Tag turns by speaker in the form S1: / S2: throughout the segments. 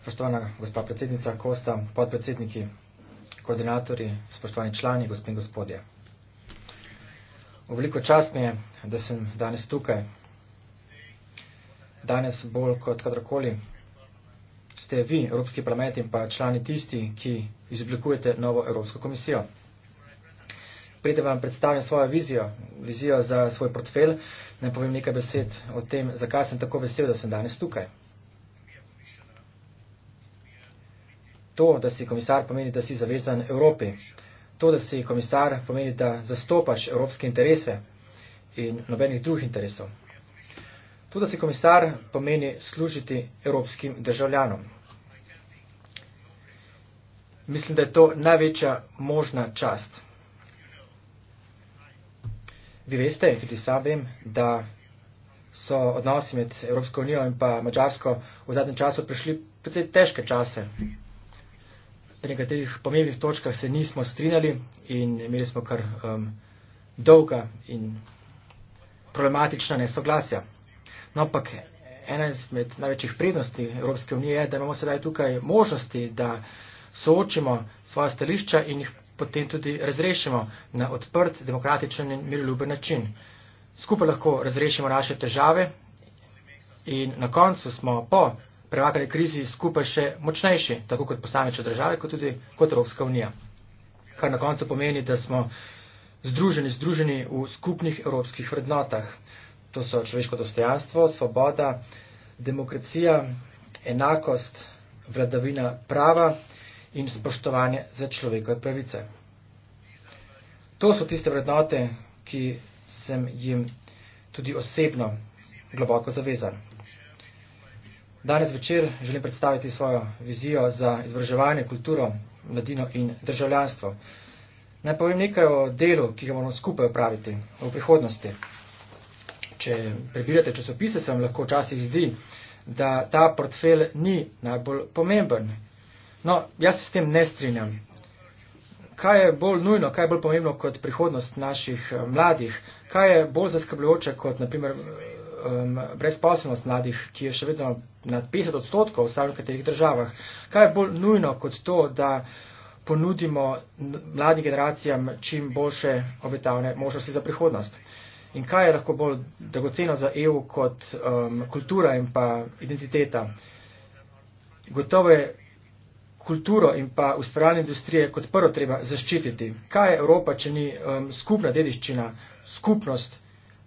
S1: Spoštovana gospa predsednica Kosta, podpredsedniki, koordinatorji, spoštovani člani, gospod in gospodje. Veliko čast mi je, da sem danes tukaj. Danes bolj kot kadarkoli ste vi, Evropski parlament in pa člani tisti, ki izoblikujete novo Evropsko komisijo. Pridem vam predstavim svojo vizijo, vizijo za svoj portfel, ne povem nekaj besed o tem, zakaj sem tako vesel, da sem danes tukaj. To, da si komisar, pomeni, da si zavezan Evropi. To, da si komisar, pomeni, da zastopaš evropske interese in nobenih drugih interesov. To, da si komisar, pomeni služiti evropskim državljanom. Mislim, da je to največja možna čast. Vi veste, tudi sam vem, da so odnosi med Evropsko unijo in pa Mačarsko v zadnjem času prišli precej težke čase. Pri nekaterih pomembnih točkah se nismo strinjali in imeli smo kar um, dolga in problematična nesoglasja. No, ampak ena izmed največjih prednosti Evropske unije je, da imamo sedaj tukaj možnosti, da soočimo svoje stališča in jih potem tudi razrešimo na odprt, demokratičen in miroljuben način. Skupaj lahko razrešimo naše težave in na koncu smo po premagali krizi skupaj še močnejši, tako kot posamečne države, kot tudi kot Evropska unija. Kar na koncu pomeni, da smo združeni, združeni v skupnih evropskih vrednotah. To so človeško dostojanstvo, svoboda, demokracija, enakost, vladavina prava in spoštovanje za človekove pravice. To so tiste vrednote, ki sem jim tudi osebno globoko zavezan. Danes večer želim predstaviti svojo vizijo za izobraževanje, kulturo, mladino in državljanstvo. Naj povem nekaj o delu, ki ga bomo skupaj upraviti v prihodnosti. Če prebirate časopise, se vam lahko včasih zdi, da ta portfel ni najbolj pomemben, No, jaz se s tem ne strinjam. Kaj je bolj nujno, kaj je bolj pomembno kot prihodnost naših eh, mladih? Kaj je bolj zaskrbljujoče kot naprimer um, brezposobnost mladih, ki je še vedno nad 50 odstotkov v samih katerih državah? Kaj je bolj nujno kot to, da ponudimo mladim generacijam čim boljše obetavne možnosti za prihodnost? In kaj je lahko bolj dragoceno za EU kot um, kultura in pa identiteta? Gotovo je kulturo in pa ustvarjalne industrije kot prvo treba zaščititi. Kaj je Evropa, če ni um, skupna dediščina, skupnost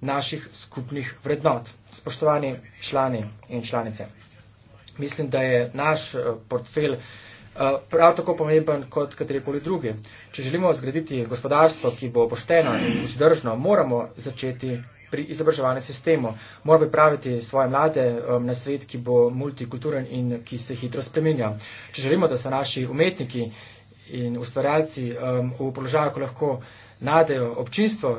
S1: naših skupnih vrednot, spoštovani člani in članice. Mislim, da je naš uh, portfelj uh, prav tako pomemben kot katerikoli drugi. Če želimo zgraditi gospodarstvo, ki bo pošteno in vzdržno, moramo začeti pri izobraževalnem sistemu. Mora pripraviti svoje mlade um, na svet, ki bo multikulturen in ki se hitro spremenja. Če želimo, da so naši umetniki in ustvarjalci um, v položaju, ko lahko nadejo občinstvo,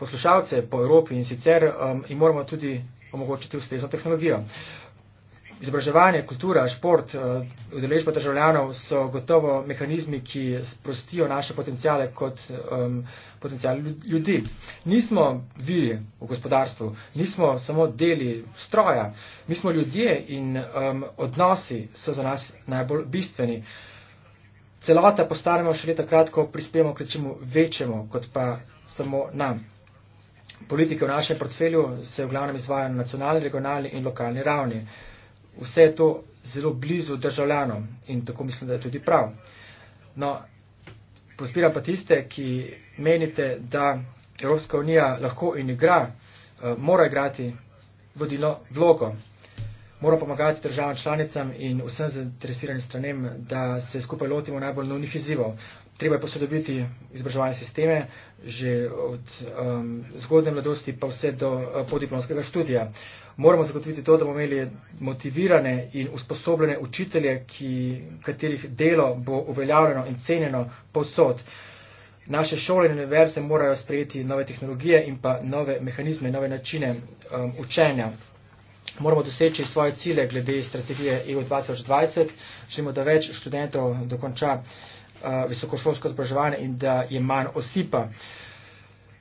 S1: poslušalce po Evropi in sicer, um, in moramo tudi omogočiti ustrezno tehnologijo. Uh, izobraževanje, kultura, šport, eh, udeležba državljanov so gotovo mehanizmi, ki sprostijo naše potencijale kot um, potencijal ljudi. Nismo vi v gospodarstvu, nismo samo deli stroja, mi smo ljudje in um, odnosi so za nas najbolj bistveni. Celota postanemo še leta kratko, prispemo k čemu večjemu, kot pa samo nam. Politike v našem portfelju se v glavnem izvajajo na nacionalni, regionalni in lokalni ravni vse to zelo blizu državljanom in tako mislim, da je tudi prav. No, podpiram pa tiste, ki menite, da Evropska unija lahko in igra, eh, mora igrati vodilo vlogo, mora pomagati državam članicam in vsem zainteresiranim stranem, da se skupaj lotimo najbolj novnih izzivov. Treba je posodobiti izobraževalne sisteme že od um, zgodne mladosti pa vse do uh, podiplomskega študija. Uh, moramo zagotoviti to, da bomo imeli motivirane in usposobljene učitelje, ki, katerih delo bo uveljavljeno in cenjeno povsod. Naše šole in univerze morajo sprejeti nove tehnologije in pa nove mehanizme, nove načine um, učenja. Moramo doseči svoje cilje glede strategije EU 2020. Želimo, da več študentov dokonča uh, visokošolsko izobraževanje in da je manj osipa.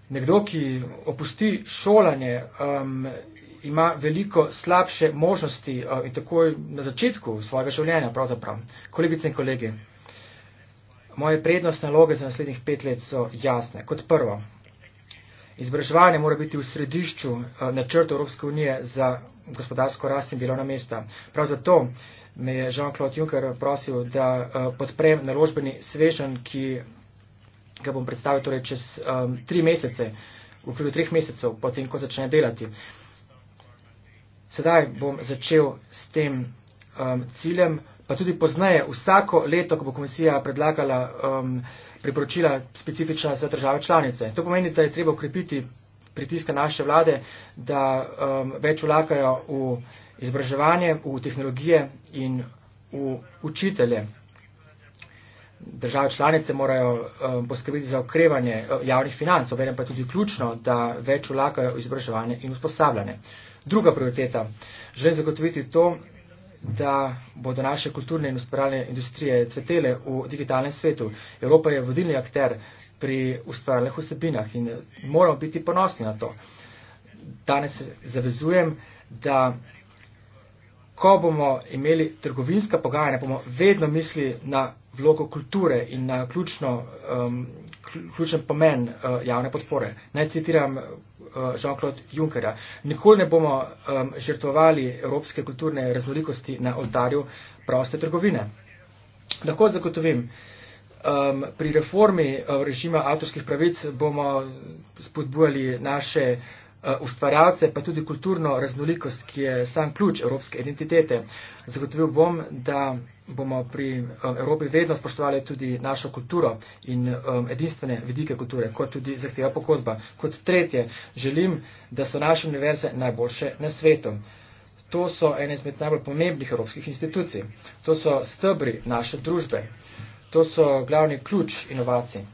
S1: Nekdo, ki opusti šolanje, um, ima veliko slabše možnosti eh, in tako na začetku svojega življenja pravzaprav. Kolegice in kolegi, moje prednostne naloge za naslednjih pet let so jasne. Kot prvo, izbraževanje mora biti v središču eh, načrta Evropske unije za gospodarsko rast in delovna mesta. Prav zato me je Jean-Claude Juncker prosil, da eh, podprem naložbeni svežen, ki ga bom predstavil torej čez um, tri mesece, v okviru treh mesecev, potem ko začne delati. Sedaj bom začel s tem um, ciljem, pa tudi poznaje vsako leto, ko bo komisija predlagala um, priporočila specifična za države članice. To pomeni, da je treba ukrepiti pritiska naše vlade, da um, več vlakajo v izobraževanje, v tehnologije in v učitelje. Države članice morajo um, poskrbiti za okrevanje uh, javnih financ, obenem pa tudi ključno, da več vlakajo v izobraževanje in usposabljanje. Druga prioriteta. Želim zagotoviti to, da bodo naše kulturne in ustvarjalne industrije cvetele v digitalnem svetu. Evropa je vodilni akter pri ustvarjalnih vsebinah in moramo biti ponosni na to. Danes se zavezujem, da ko bomo imeli trgovinska pogajanja, bomo vedno mislili na vlogo kulture in na ključno, um, ključen pomen uh, javne podpore. Naj citiram uh, Jean-Claude Junckera. Nikoli ne bomo um, žrtvovali evropske kulturne raznolikosti na oddarju proste trgovine. Lahko zagotovim, um, pri reformi uh, režima avtorskih pravic bomo spodbujali naše uh, Eh, ustvarjalce, pa tudi kulturno raznolikost, ki je sam ključ evropske identitete. Zagotovil bom, da bomo pri eh, Evropi vedno spoštovali tudi našo kulturo in eh, edinstvene vidike kulture, kot tudi zahteva pokodba. Kot tretje, želim, da so naše univerze najboljše na svetu. To so ene izmed najbolj pomembnih evropskih institucij. To so stebri naše družbe. To so glavni ključ inovacij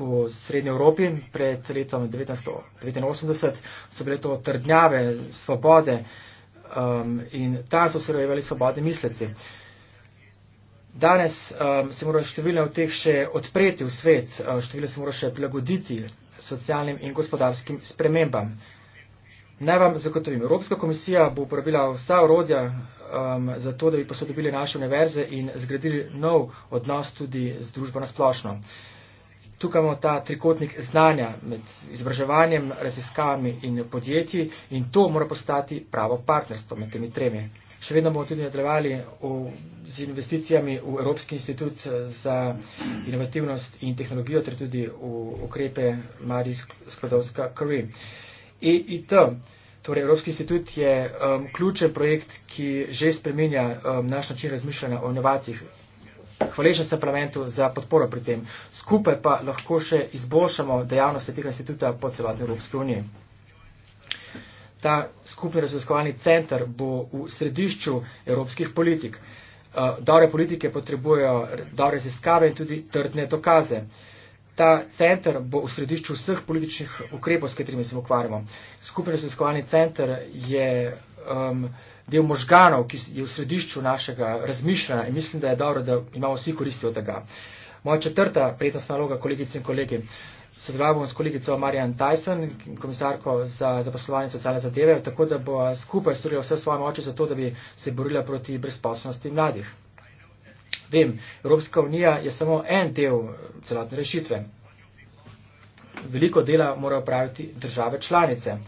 S1: obisku v Srednji Evropi pred letom 1989, so bile to trdnjave svobode um, in tam so se rojevali svobode misleci. Danes um, se morajo številne od teh še odpreti v svet, uh, številne se morajo še prilagoditi socialnim in gospodarskim spremembam. Naj vam zagotovim, Evropska komisija bo uporabila vsa urodja um, za to, da bi posodobili naše univerze in zgradili nov odnos tudi z družbo nasplošno. splošno tukaj imamo ta trikotnik znanja med izobraževanjem, raziskavami in podjetji in to mora postati pravo partnerstvo med temi tremi. Še vedno bomo tudi nadaljevali z investicijami v Evropski institut eh, za inovativnost in tehnologijo, ter tudi v ukrepe Marijs Skladovska Curry. EIT, torej Evropski institut, je um, ključen projekt, ki že spreminja um, naš način razmišljanja o inovacijah. Hvaležen sem parlamentu za podporo pri tem. Skupaj pa lahko še izboljšamo dejavnosti tega instituta po celotni Evropski uniji. Ta skupni raziskovalni center bo v središču evropskih politik. Eh, dobre politike potrebujejo dobre raziskave in tudi trdne dokaze. Ta center bo v središču vseh političnih ukrepov, s katerimi se ukvarjamo. Skupni raziskovalni center je um, del možganov, ki je v središču našega razmišljanja in mislim, da je dobro, da imamo vsi koristi od tega. Moja četrta prednostna naloga, kolegice in kolegi, sodeloval bom s kolegico Marian Tyson, komisarko za zaposlovanje in socialne zadeve, tako da bo skupaj storila vse svoje moči za to, da bi se borila proti brezposobnosti mladih. Vem, Evropska unija je samo en del uh, celotne rešitve. Veliko dela morajo praviti države članice. Uh,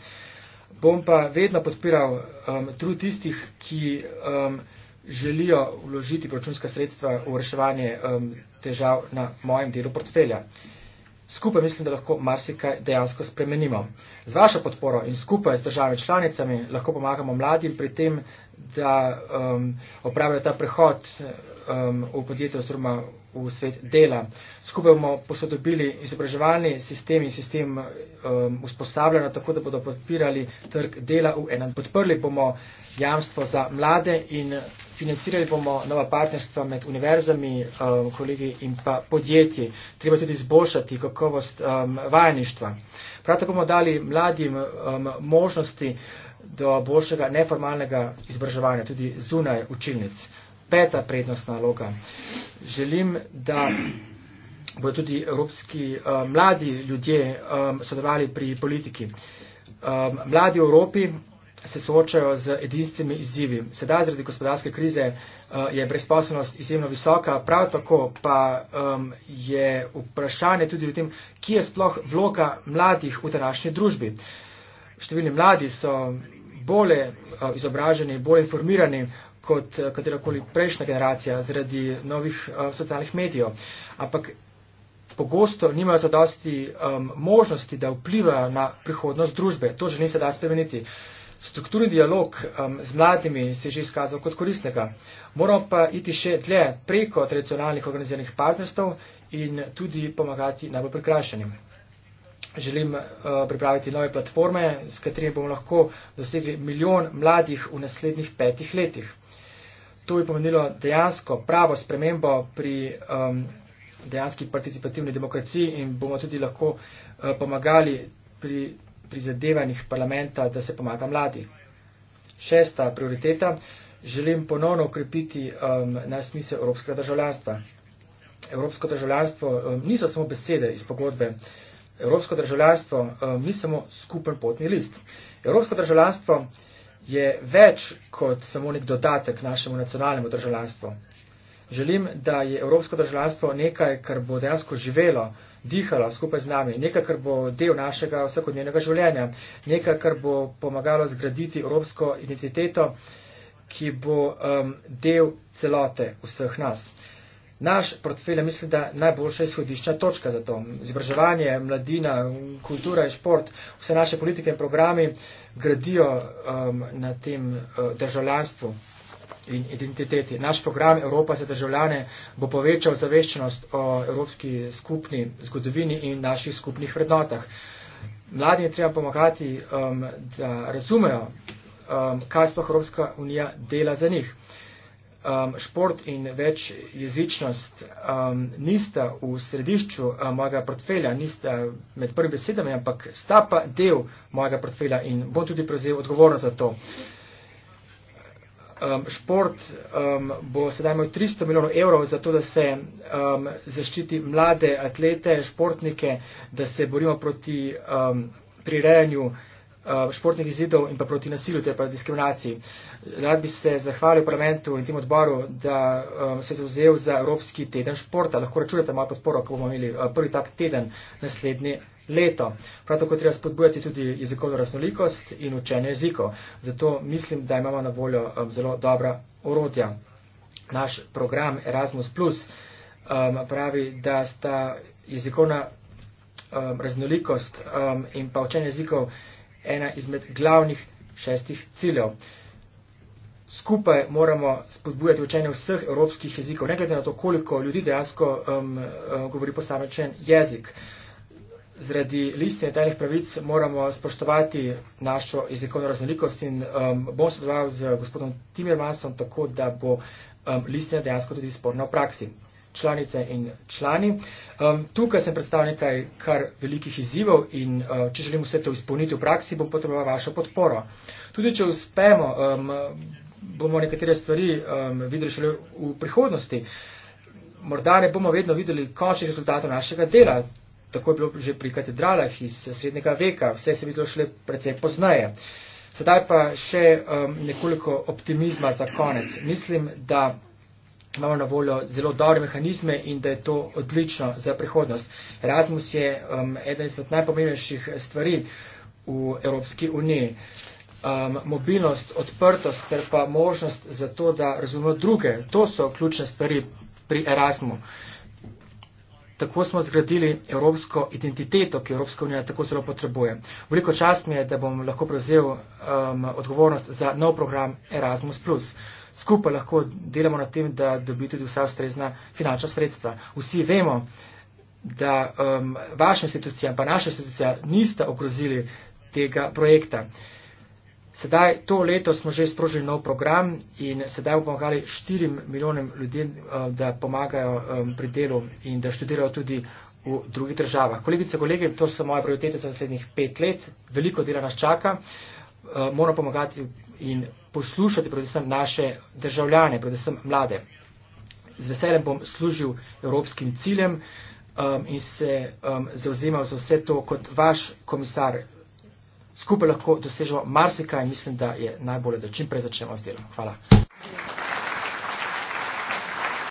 S1: bom pa vedno podpiral um, trud tistih, ki um, želijo vložiti proračunska sredstva v reševanje um, težav na mojem delu portfelja. Skupaj mislim, da lahko marsikaj dejansko spremenimo. Z vašo podporo in skupaj z državami članicami lahko pomagamo mladim pri tem, da um, opravijo ta prehod um, v podjetje oziroma v svet dela. Skupaj bomo posodobili izobraževalni sistem in sistem um, usposabljanja, tako da bodo podpirali trg dela v enem. Podprli bomo jamstvo za mlade in financirali bomo nova partnerstva med univerzami, um, kolegi in pa podjetji. Treba tudi izboljšati kakovost um, vajeništva. Prav tako bomo dali mladim um, možnosti, do boljšega neformalnega izobraževanja, tudi zunaj učilnic. Peta prednostna naloga. Želim, da bodo tudi evropski um, mladi ljudje um, sodelovali pri politiki. Um, mladi v Evropi se soočajo z edinstvenimi izzivi. Sedaj zaradi gospodarske krize uh, je brezposobnost izjemno visoka, prav tako pa um, je vprašanje tudi o tem, ki je sploh vloga mladih v današnji družbi. Številni mladi so bolj eh, izobraženi, bolj informirani kot eh, katerakoli prejšnja generacija zaradi novih eh, socialnih medijev. Ampak pogosto nimajo zadosti um, možnosti, da vplivajo na prihodnost družbe. To želim se da spremeniti. Strukturni dialog um, z mladimi se je že izkazal kot koristnega. Moramo pa iti še dlje preko tradicionalnih organiziranih partnerstv in tudi pomagati najbolj prikrašenim želim eh, pripraviti nove platforme, s katerimi bomo lahko dosegli milijon mladih v naslednjih petih letih. To bi pomenilo dejansko pravo spremembo pri um, dejanski participativni demokraciji in bomo tudi lahko uh, pomagali pri prizadevanjih parlamenta, da se pomaga mladi. Šesta prioriteta. Želim ponovno ukrepiti um, na smisel evropskega državljanstva. Evropsko državljanstvo um, niso samo besede iz pogodbe. Uh, Evropsko državljanstvo uh, ni samo skupen potni list. Evropsko državljanstvo je več kot samo nek dodatek našemu nacionalnemu državljanstvu. Želim, da je evropsko državljanstvo nekaj, kar bo dejansko živelo, dihalo skupaj z nami, nekaj, kar bo del našega vsakodnevnega življenja, nekaj, kar bo pomagalo zgraditi evropsko identiteto, ki bo um, del celote vseh nas. Naš portfelj je, mislim, da najboljša izhodišča točka za to. Izobraževanje, mladina, kultura in šport, vse naše politike in programi gradijo um, na tem uh, državljanstvu in identiteti. Naš program Evropa za državljane bo povečal zaveščenost o evropski skupni zgodovini in naših skupnih vrednotah. Mladim je treba pomagati, um, da razumejo, um, kaj sploh Evropska unija dela za njih. Uh, um, šport in večjezičnost um, nista v središču uh, mojega portfelja, nista med prvimi besedami, ampak sta pa del mojega portfelja in bom tudi prevzel odgovornost za to. Um, šport um, bo sedaj imel 300 milijonov evrov za to, da se um, zaščiti mlade atlete, športnike, da se borimo proti um, prirejanju. Eh, športnih izidov in pa proti nasilju ter pa diskriminaciji. Rad bi se zahvalil parlamentu in tem odboru, da um, se je zauzel za Evropski teden športa. Lahko računate malo podporo, ko bomo imeli uh, prvi tak teden naslednje leto. Prav tako treba spodbujati tudi jezikovno raznolikost in učenje jezikov. Zato mislim, da imamo na voljo um, zelo dobra orodja. Naš program Erasmus Plus um, pravi, da sta jezikovna um, raznolikost um, in pa učenje jezikov ena izmed glavnih šestih ciljev. Skupaj moramo spodbujati učenje vseh evropskih jezikov, ne glede na to, koliko ljudi dejansko um, uh, govori posamečen jezik. Zradi listine tajnih pravic moramo spoštovati našo jezikovno raznolikost in um, bom sodeloval z gospodom Timmermansom tako, da bo um, listina dejansko tudi sporna v praksi članice in člani. Um, tukaj sem predstavil nekaj kar velikih izzivov in uh, če želim vse to izpolniti v praksi, bom potreboval vašo podporo. Tudi če uspemo, um, bomo nekatere stvari um, videli šele v prihodnosti. Morda ne bomo vedno videli končnih rezultatov našega dela. Tako je bilo že pri katedralah iz srednjega veka, vse se je videlo šele precej poznaje. Sedaj pa še um, nekoliko optimizma za konec. Mislim, da imamo na voljo zelo dobre mehanizme in da je to odlično za prihodnost. Erasmus je um, eden izmed najpomembnejših stvari v Evropski uniji. Um, mobilnost, odprtost ter pa možnost za to, da razumemo druge, to so ključne stvari pri Erasmu. Tako smo zgradili evropsko identiteto, ki Evropska unija tako zelo potrebuje. Veliko čast mi je, da bom lahko prevzel um, odgovornost za nov program Erasmus. Skupaj lahko delamo na tem, da dobi tudi vsa ustrezna finančna sredstva. Vsi vemo, da um, vaša institucija in pa naša institucija nista ogrozili tega projekta. Uh, Sedaj, to leto smo že sprožili nov program in sedaj bomo pomagali 4 milijonom ljudi, eh, da pomagajo eh, pri delu in da študirajo tudi v drugih državah. Kolegice in kolege, to so moje prioritete za naslednjih pet let. Veliko dela nas čaka. Eh, moramo pomagati in poslušati predvsem naše državljane, predvsem mlade. Z veseljem bom služil evropskim ciljem in se zauzemal za vse to kot vaš komisar skupaj lahko dosežemo marsikaj in mislim, da je najbolje, da čim prej začnemo z delom. Hvala.